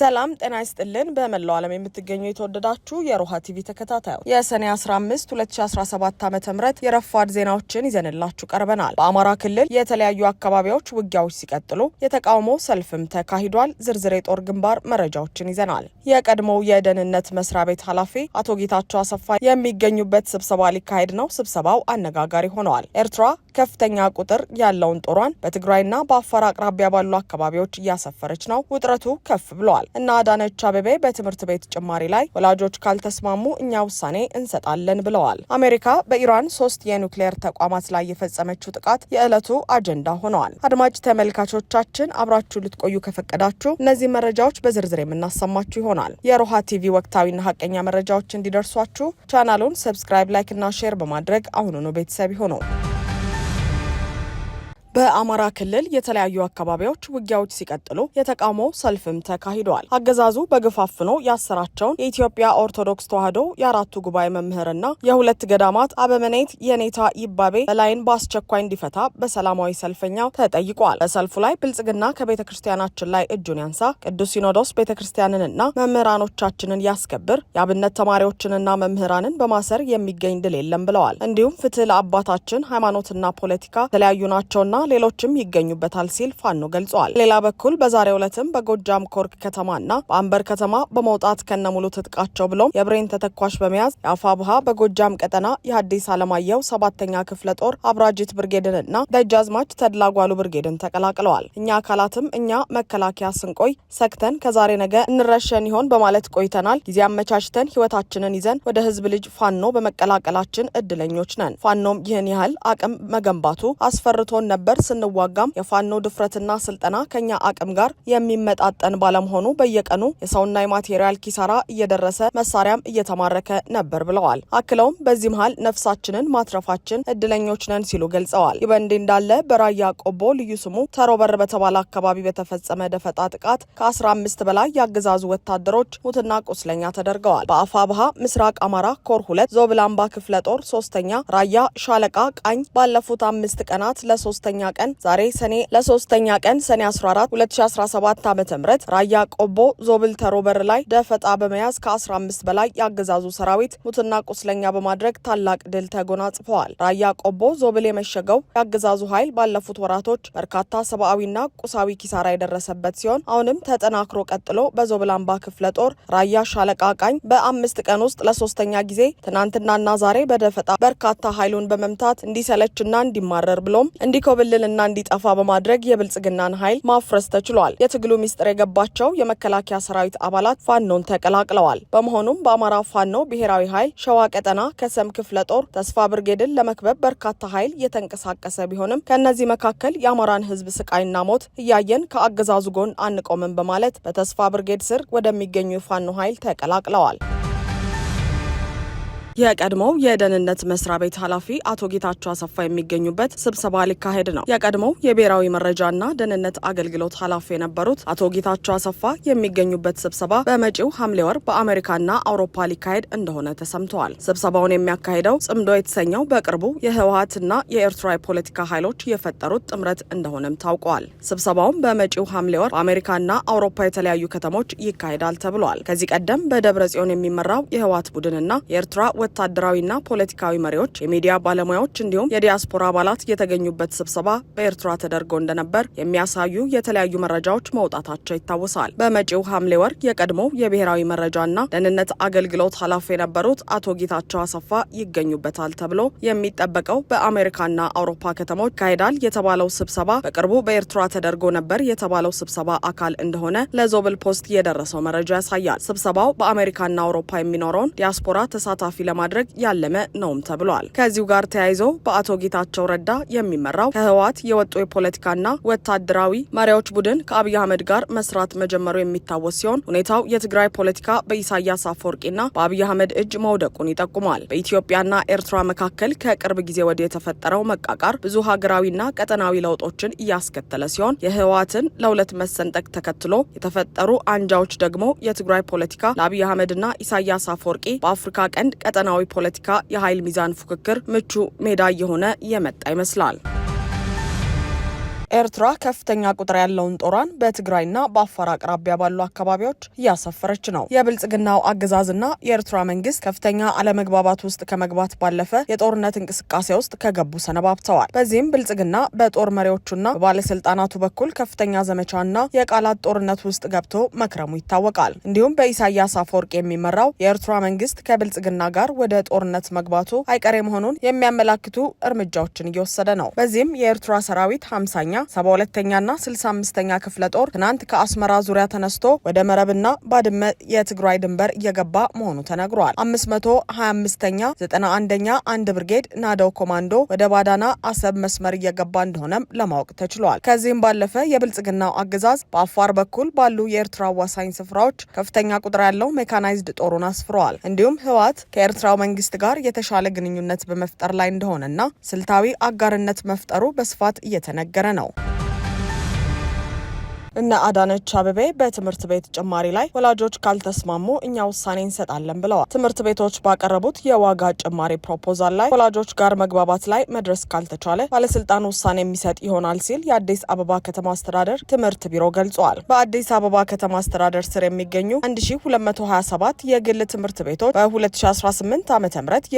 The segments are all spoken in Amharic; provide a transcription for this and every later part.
ሰላም ጤና ይስጥልን። በመላው ዓለም የምትገኙ የተወደዳችሁ የሮሃ ቲቪ ተከታታዩ የሰኔ 15 2017 ዓ ም የረፋድ ዜናዎችን ይዘንላችሁ ቀርበናል። በአማራ ክልል የተለያዩ አካባቢዎች ውጊያዎች ሲቀጥሉ የተቃውሞ ሰልፍም ተካሂዷል። ዝርዝር የጦር ግንባር መረጃዎችን ይዘናል። የቀድሞው የደህንነት መስሪያ ቤት ኃላፊ አቶ ጌታቸው አሰፋ የሚገኙበት ስብሰባ ሊካሄድ ነው። ስብሰባው አነጋጋሪ ሆነዋል። ኤርትራ ከፍተኛ ቁጥር ያለውን ጦሯን በትግራይና በአፋር አቅራቢያ ባሉ አካባቢዎች እያሰፈረች ነው። ውጥረቱ ከፍ ብሏል። እና አዳነች አቤቤ በትምህርት ቤት ጭማሪ ላይ ወላጆች ካልተስማሙ እኛ ውሳኔ እንሰጣለን ብለዋል። አሜሪካ በኢራን ሶስት የኑክሌር ተቋማት ላይ የፈጸመችው ጥቃት የዕለቱ አጀንዳ ሆነዋል። አድማጭ ተመልካቾቻችን አብራችሁ ልትቆዩ ከፈቀዳችሁ እነዚህ መረጃዎች በዝርዝር የምናሰማችሁ ይሆናል። የሮሃ ቲቪ ወቅታዊና ሀቀኛ መረጃዎች እንዲደርሷችሁ ቻናሉን ሰብስክራይብ፣ ላይክ እና ሼር በማድረግ አሁኑኑ ቤተሰብ ይሆነው። በአማራ ክልል የተለያዩ አካባቢዎች ውጊያዎች ሲቀጥሉ የተቃውሞ ሰልፍም ተካሂደዋል። አገዛዙ በግፋፍኖ ያሰራቸውን የኢትዮጵያ ኦርቶዶክስ ተዋሕዶ የአራቱ ጉባኤ መምህርና የሁለት ገዳማት አበመኔት የኔታ ይባቤ በላይን በአስቸኳይ እንዲፈታ በሰላማዊ ሰልፈኛው ተጠይቋል። በሰልፉ ላይ ብልጽግና ከቤተ ክርስቲያናችን ላይ እጁን ያንሳ፣ ቅዱስ ሲኖዶስ ቤተ ክርስቲያንንና መምህራኖቻችንን ያስከብር፣ የአብነት ተማሪዎችንና መምህራንን በማሰር የሚገኝ ድል የለም ብለዋል። እንዲሁም ፍትህ ለአባታችን ሃይማኖትና ፖለቲካ የተለያዩ ናቸውና ሌሎችም ይገኙበታል ሲል ፋኖ ገልጿል። ሌላ በኩል በዛሬ ዕለትም በጎጃም ኮርክ ና በአንበር ከተማ በመውጣት ከነሙሉ ትጥቃቸው ብሎም የብሬን ተተኳሽ በመያዝ የአፋ ብሃ በጎጃም ቀጠና የሀዲስ አለማየሁ ሰባተኛ ክፍለ ጦር አብራጅት ብርጌድንና ደጃዝማች ተድላጓሉ ብርጌድን ተቀላቅለዋል። እኛ አካላትም እኛ መከላከያ ስንቆይ ሰክተን ከዛሬ ነገ እንረሸን ይሆን በማለት ቆይተናል። ጊዜ አመቻችተን ህይወታችንን ይዘን ወደ ህዝብ ልጅ ፋኖ በመቀላቀላችን እድለኞች ነን። ፋኖም ይህን ያህል አቅም መገንባቱ አስፈርቶን ነበር ለማስከበር ስንዋጋም የፋኖ ድፍረትና ስልጠና ከኛ አቅም ጋር የሚመጣጠን ባለመሆኑ በየቀኑ የሰውና የማቴሪያል ኪሳራ እየደረሰ መሳሪያም እየተማረከ ነበር ብለዋል። አክለውም በዚህ መሀል ነፍሳችንን ማትረፋችን እድለኞች ነን ሲሉ ገልጸዋል። ይህ በእንዲህ እንዳለ በራያ ቆቦ ልዩ ስሙ ተሮበር በተባለ አካባቢ በተፈጸመ ደፈጣ ጥቃት ከ15 በላይ የአገዛዙ ወታደሮች ሙትና ቁስለኛ ተደርገዋል። በአፋ ምስራቅ አማራ ኮር ሁለት ዞብላምባ ክፍለ ጦር ሶስተኛ ራያ ሻለቃ ቃኝ ባለፉት አምስት ቀናት ለሶስተኛ ሁለተኛ ቀን ዛሬ ሰኔ ለሶስተኛ ቀን ሰኔ 14 2017 ዓ ም ራያ ቆቦ ዞብል ተሮበር ላይ ደፈጣ በመያዝ ከ15 በላይ የአገዛዙ ሰራዊት ሙትና ቁስለኛ በማድረግ ታላቅ ድል ተጎናጽፈዋል። ራያ ቆቦ ዞብል የመሸገው የአገዛዙ ኃይል ባለፉት ወራቶች በርካታ ሰብአዊና ቁሳዊ ኪሳራ የደረሰበት ሲሆን አሁንም ተጠናክሮ ቀጥሎ በዞብል አምባ ክፍለ ጦር ራያ ሻለቃ ቃኝ በአምስት ቀን ውስጥ ለሶስተኛ ጊዜ ትናንትናና ዛሬ በደፈጣ በርካታ ኃይሉን በመምታት እንዲሰለችና እንዲማረር ብሎም እንዲኮብል ክልልና እንዲጠፋ በማድረግ የብልጽግናን ኃይል ማፍረስ ተችሏል። የትግሉ ሚስጥር የገባቸው የመከላከያ ሰራዊት አባላት ፋኖን ተቀላቅለዋል። በመሆኑም በአማራ ፋኖ ብሔራዊ ኃይል ሸዋ ቀጠና ከሰም ክፍለ ጦር ተስፋ ብርጌድን ለመክበብ በርካታ ኃይል የተንቀሳቀሰ ቢሆንም ከእነዚህ መካከል የአማራን ህዝብ ስቃይና ሞት እያየን ከአገዛዙ ጎን አንቆምም በማለት በተስፋ ብርጌድ ስር ወደሚገኙ የፋኖ ኃይል ተቀላቅለዋል። የቀድሞው የደህንነት መስሪያ ቤት ኃላፊ አቶ ጌታቸው አሰፋ የሚገኙበት ስብሰባ ሊካሄድ ነው። የቀድሞው የብሔራዊ መረጃና ደህንነት አገልግሎት ኃላፊ የነበሩት አቶ ጌታቸው አሰፋ የሚገኙበት ስብሰባ በመጪው ሐምሌ ወር በአሜሪካና አውሮፓ ሊካሄድ እንደሆነ ተሰምተዋል። ስብሰባውን የሚያካሄደው ጽምዶ የተሰኘው በቅርቡ የህወሀትና የኤርትራ የፖለቲካ ኃይሎች የፈጠሩት ጥምረት እንደሆነም ታውቋል። ስብሰባውም በመጪው ሐምሌ ወር በአሜሪካና አውሮፓ የተለያዩ ከተሞች ይካሄዳል ተብሏል። ከዚህ ቀደም በደብረ ጽዮን የሚመራው የህወሀት ቡድንና የኤርትራ ወታደራዊና ፖለቲካዊ መሪዎች፣ የሚዲያ ባለሙያዎች እንዲሁም የዲያስፖራ አባላት የተገኙበት ስብሰባ በኤርትራ ተደርጎ እንደነበር የሚያሳዩ የተለያዩ መረጃዎች መውጣታቸው ይታወሳል። በመጪው ሐምሌ ወር የቀድሞው የብሔራዊ መረጃና ደህንነት አገልግሎት ኃላፊ የነበሩት አቶ ጌታቸው አሰፋ ይገኙበታል ተብሎ የሚጠበቀው በአሜሪካና አውሮፓ ከተሞች ይካሄዳል የተባለው ስብሰባ በቅርቡ በኤርትራ ተደርጎ ነበር የተባለው ስብሰባ አካል እንደሆነ ለዞብል ፖስት የደረሰው መረጃ ያሳያል። ስብሰባው በአሜሪካና አውሮፓ የሚኖረውን ዲያስፖራ ተሳታፊ ለማድረግ ያለመ ነውም ተብሏል። ከዚሁ ጋር ተያይዞ በአቶ ጌታቸው ረዳ የሚመራው ከህወሓት የወጡ የፖለቲካና ወታደራዊ መሪዎች ቡድን ከአብይ አህመድ ጋር መስራት መጀመሩ የሚታወስ ሲሆን ሁኔታው የትግራይ ፖለቲካ በኢሳያስ አፈወርቂና በአብይ አህመድ እጅ መውደቁን ይጠቁማል። በኢትዮጵያና ኤርትራ መካከል ከቅርብ ጊዜ ወዲህ የተፈጠረው መቃቃር ብዙ ሀገራዊና ቀጠናዊ ለውጦችን እያስከተለ ሲሆን የህወሓትን ለሁለት መሰንጠቅ ተከትሎ የተፈጠሩ አንጃዎች ደግሞ የትግራይ ፖለቲካ ለአብይ አህመድና ኢሳያስ አፈወርቂ በአፍሪካ ቀንድ ቀጠ ለቀጠናዊ ፖለቲካ የኃይል ሚዛን ፉክክር ምቹ ሜዳ እየሆነ የመጣ ይመስላል። ኤርትራ ከፍተኛ ቁጥር ያለውን ጦሯን በትግራይና በአፋር አቅራቢያ ባሉ አካባቢዎች እያሰፈረች ነው። የብልጽግናው አገዛዝና የኤርትራ መንግስት ከፍተኛ አለመግባባት ውስጥ ከመግባት ባለፈ የጦርነት እንቅስቃሴ ውስጥ ከገቡ ሰነባብተዋል። በዚህም ብልጽግና በጦር መሪዎቹና በባለስልጣናቱ በኩል ከፍተኛ ዘመቻና የቃላት ጦርነት ውስጥ ገብቶ መክረሙ ይታወቃል። እንዲሁም በኢሳያስ አፈወርቅ የሚመራው የኤርትራ መንግስት ከብልጽግና ጋር ወደ ጦርነት መግባቱ አይቀሬ መሆኑን የሚያመላክቱ እርምጃዎችን እየወሰደ ነው። በዚህም የኤርትራ ሰራዊት ሀምሳኛ ሰባ ሁለተኛና ስልሳ አምስተኛ ክፍለ ጦር ትናንት ከአስመራ ዙሪያ ተነስቶ ወደ መረብና ባድመ የትግራይ ድንበር እየገባ መሆኑ ተነግሯል። አምስት መቶ ሀያ አምስተኛ ዘጠና አንደኛ አንድ ብርጌድ ናደው ኮማንዶ ወደ ባዳና አሰብ መስመር እየገባ እንደሆነም ለማወቅ ተችሏል። ከዚህም ባለፈ የብልጽግናው አገዛዝ በአፋር በኩል ባሉ የኤርትራ አዋሳኝ ስፍራዎች ከፍተኛ ቁጥር ያለው ሜካናይዝድ ጦሩን አስፍረዋል። እንዲሁም ህወሓት ከኤርትራው መንግስት ጋር የተሻለ ግንኙነት በመፍጠር ላይ እንደሆነና ስልታዊ አጋርነት መፍጠሩ በስፋት እየተነገረ ነው። now. እነ አዳነች አበቤ በትምህርት ቤት ጭማሪ ላይ ወላጆች ካልተስማሙ እኛ ውሳኔ እንሰጣለን ብለዋል። ትምህርት ቤቶች ባቀረቡት የዋጋ ጭማሪ ፕሮፖዛል ላይ ወላጆች ጋር መግባባት ላይ መድረስ ካልተቻለ ባለስልጣን ውሳኔ የሚሰጥ ይሆናል ሲል የአዲስ አበባ ከተማ አስተዳደር ትምህርት ቢሮ ገልጿል። በአዲስ አበባ ከተማ አስተዳደር ስር የሚገኙ 1227 የግል ትምህርት ቤቶች በ2018 ዓ ም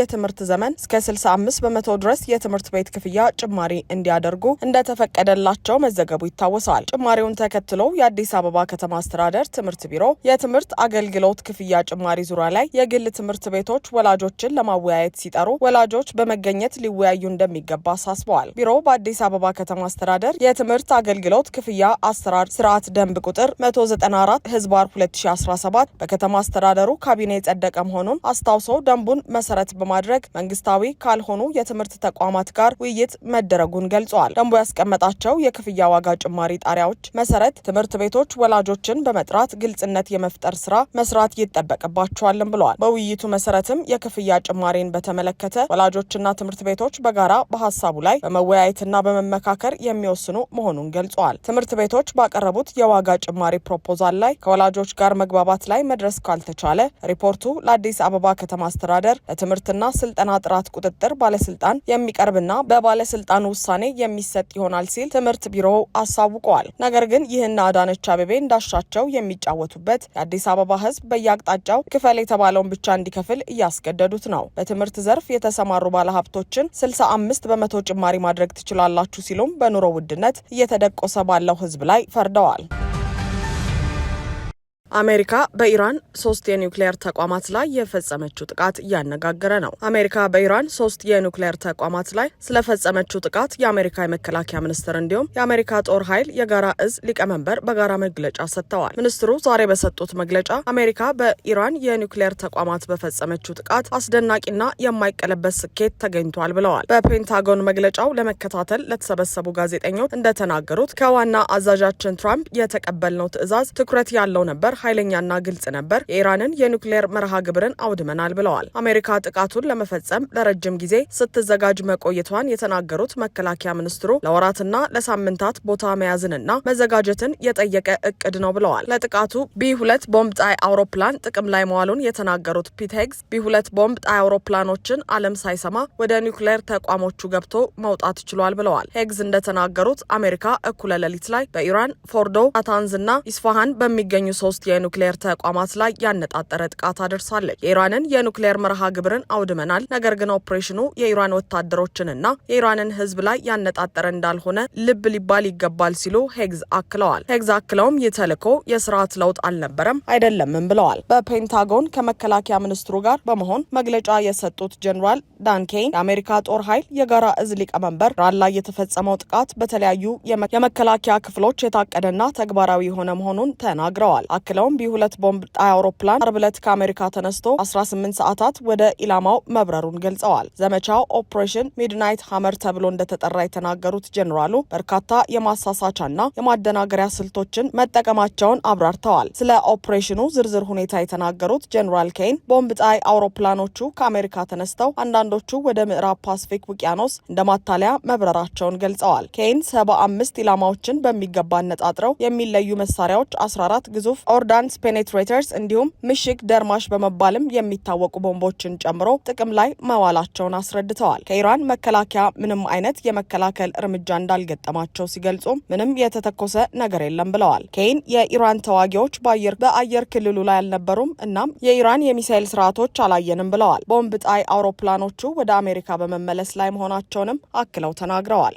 የትምህርት ዘመን እስከ 65 በመቶ ድረስ የትምህርት ቤት ክፍያ ጭማሪ እንዲያደርጉ እንደተፈቀደላቸው መዘገቡ ይታወሳል። ጭማሪውን ተከ ተከትሎ የአዲስ አበባ ከተማ አስተዳደር ትምህርት ቢሮ የትምህርት አገልግሎት ክፍያ ጭማሪ ዙሪያ ላይ የግል ትምህርት ቤቶች ወላጆችን ለማወያየት ሲጠሩ ወላጆች በመገኘት ሊወያዩ እንደሚገባ አሳስበዋል። ቢሮው በአዲስ አበባ ከተማ አስተዳደር የትምህርት አገልግሎት ክፍያ አሰራር ስርዓት ደንብ ቁጥር 194 ህዝባር 2017 በከተማ አስተዳደሩ ካቢኔ የጸደቀ መሆኑን አስታውሶ ደንቡን መሰረት በማድረግ መንግስታዊ ካልሆኑ የትምህርት ተቋማት ጋር ውይይት መደረጉን ገልጸዋል። ደንቡ ያስቀመጣቸው የክፍያ ዋጋ ጭማሪ ጣሪያዎች መሰረት በማለት ትምህርት ቤቶች ወላጆችን በመጥራት ግልጽነት የመፍጠር ስራ መስራት ይጠበቅባቸዋልም ብለዋል። በውይይቱ መሰረትም የክፍያ ጭማሪን በተመለከተ ወላጆችና ትምህርት ቤቶች በጋራ በሀሳቡ ላይ በመወያየትና በመመካከር የሚወስኑ መሆኑን ገልጸዋል። ትምህርት ቤቶች ባቀረቡት የዋጋ ጭማሪ ፕሮፖዛል ላይ ከወላጆች ጋር መግባባት ላይ መድረስ ካልተቻለ ሪፖርቱ ለአዲስ አበባ ከተማ አስተዳደር ለትምህርትና ስልጠና ጥራት ቁጥጥር ባለስልጣን የሚቀርብና በባለስልጣኑ ውሳኔ የሚሰጥ ይሆናል ሲል ትምህርት ቢሮው አሳውቀዋል። ነገር ግን ይህ እነ አዳነች አቤቤ እንዳሻቸው የሚጫወቱበት የአዲስ አበባ ህዝብ በየአቅጣጫው ክፈል የተባለውን ብቻ እንዲከፍል እያስገደዱት ነው። በትምህርት ዘርፍ የተሰማሩ ባለሀብቶችን ስልሳ አምስት በመቶ ጭማሪ ማድረግ ትችላላችሁ ሲሉም በኑሮ ውድነት እየተደቆሰ ባለው ህዝብ ላይ ፈርደዋል። አሜሪካ በኢራን ሶስት የኒውክሌር ተቋማት ላይ የፈጸመችው ጥቃት እያነጋገረ ነው። አሜሪካ በኢራን ሶስት የኒውክሌር ተቋማት ላይ ስለፈጸመችው ጥቃት የአሜሪካ የመከላከያ ሚኒስትር እንዲሁም የአሜሪካ ጦር ኃይል የጋራ እዝ ሊቀመንበር በጋራ መግለጫ ሰጥተዋል። ሚኒስትሩ ዛሬ በሰጡት መግለጫ አሜሪካ በኢራን የኒውክሌር ተቋማት በፈጸመችው ጥቃት አስደናቂና የማይቀለበስ ስኬት ተገኝቷል ብለዋል። በፔንታጎን መግለጫው ለመከታተል ለተሰበሰቡ ጋዜጠኞች እንደተናገሩት ከዋና አዛዣችን ትራምፕ የተቀበልነው ትዕዛዝ ትኩረት ያለው ነበር ኃይለኛና ግልጽ ነበር። የኢራንን የኒውክሌር መርሃ ግብርን አውድመናል ብለዋል። አሜሪካ ጥቃቱን ለመፈጸም ለረጅም ጊዜ ስትዘጋጅ መቆየቷን የተናገሩት መከላከያ ሚኒስትሩ ለወራትና ለሳምንታት ቦታ መያዝንና መዘጋጀትን የጠየቀ እቅድ ነው ብለዋል። ለጥቃቱ ቢ ሁለት ቦምብ ጣይ አውሮፕላን ጥቅም ላይ መዋሉን የተናገሩት ሄግስ ቢ ሁለት ቦምብ ጣይ አውሮፕላኖችን ዓለም ሳይሰማ ወደ ኒውክሌር ተቋሞቹ ገብቶ መውጣት ችሏል ብለዋል። ሄግዝ እንደተናገሩት አሜሪካ እኩለ ሌሊት ላይ በኢራን ፎርዶ፣ አታንዝ እና ኢስፋሃን በሚገኙ ሶስት የኑክሌር ተቋማት ላይ ያነጣጠረ ጥቃት አደርሳለች። የኢራንን የኑክሌር መርሃ ግብርን አውድመናል። ነገር ግን ኦፕሬሽኑ የኢራን ወታደሮችንና የኢራንን ህዝብ ላይ ያነጣጠረ እንዳልሆነ ልብ ሊባል ይገባል ሲሉ ሄግዝ አክለዋል። ሄግዝ አክለውም ይህ ተልዕኮ የስርዓት ለውጥ አልነበረም አይደለምም ብለዋል። በፔንታጎን ከመከላከያ ሚኒስትሩ ጋር በመሆን መግለጫ የሰጡት ጀኔራል ዳን ኬን የአሜሪካ ጦር ኃይል የጋራ እዝ ሊቀመንበር ኢራን ላይ የተፈጸመው ጥቃት በተለያዩ የመከላከያ ክፍሎች የታቀደና ተግባራዊ የሆነ መሆኑን ተናግረዋል። አክለው የሌለውም ቢ2 ቦምብ ጣይ አውሮፕላን አርብ ዕለት ከአሜሪካ ተነስቶ 18 ሰዓታት ወደ ኢላማው መብረሩን ገልጸዋል። ዘመቻው ኦፕሬሽን ሚድናይት ሀመር ተብሎ እንደተጠራ የተናገሩት ጀኔራሉ በርካታ የማሳሳቻና የማደናገሪያ ስልቶችን መጠቀማቸውን አብራርተዋል። ስለ ኦፕሬሽኑ ዝርዝር ሁኔታ የተናገሩት ጀኔራል ኬን ቦምብ ጣይ አውሮፕላኖቹ ከአሜሪካ ተነስተው አንዳንዶቹ ወደ ምዕራብ ፓስፊክ ውቅያኖስ እንደ ማታለያ መብረራቸውን ገልጸዋል። ኬን ሰባ አምስት ኢላማዎችን በሚገባ አነጣጥረው የሚለዩ መሳሪያዎች 14 ግዙፍ ኦርዳ ጆርዳንስ ፔኔትሬተርስ እንዲሁም ምሽግ ደርማሽ በመባልም የሚታወቁ ቦምቦችን ጨምሮ ጥቅም ላይ መዋላቸውን አስረድተዋል። ከኢራን መከላከያ ምንም አይነት የመከላከል እርምጃ እንዳልገጠማቸው ሲገልጹም ምንም የተተኮሰ ነገር የለም ብለዋል። ኬይን የኢራን ተዋጊዎች በአየር ክልሉ ላይ አልነበሩም፣ እናም የኢራን የሚሳኤል ስርዓቶች አላየንም ብለዋል። ቦምብ ጣይ አውሮፕላኖቹ ወደ አሜሪካ በመመለስ ላይ መሆናቸውንም አክለው ተናግረዋል።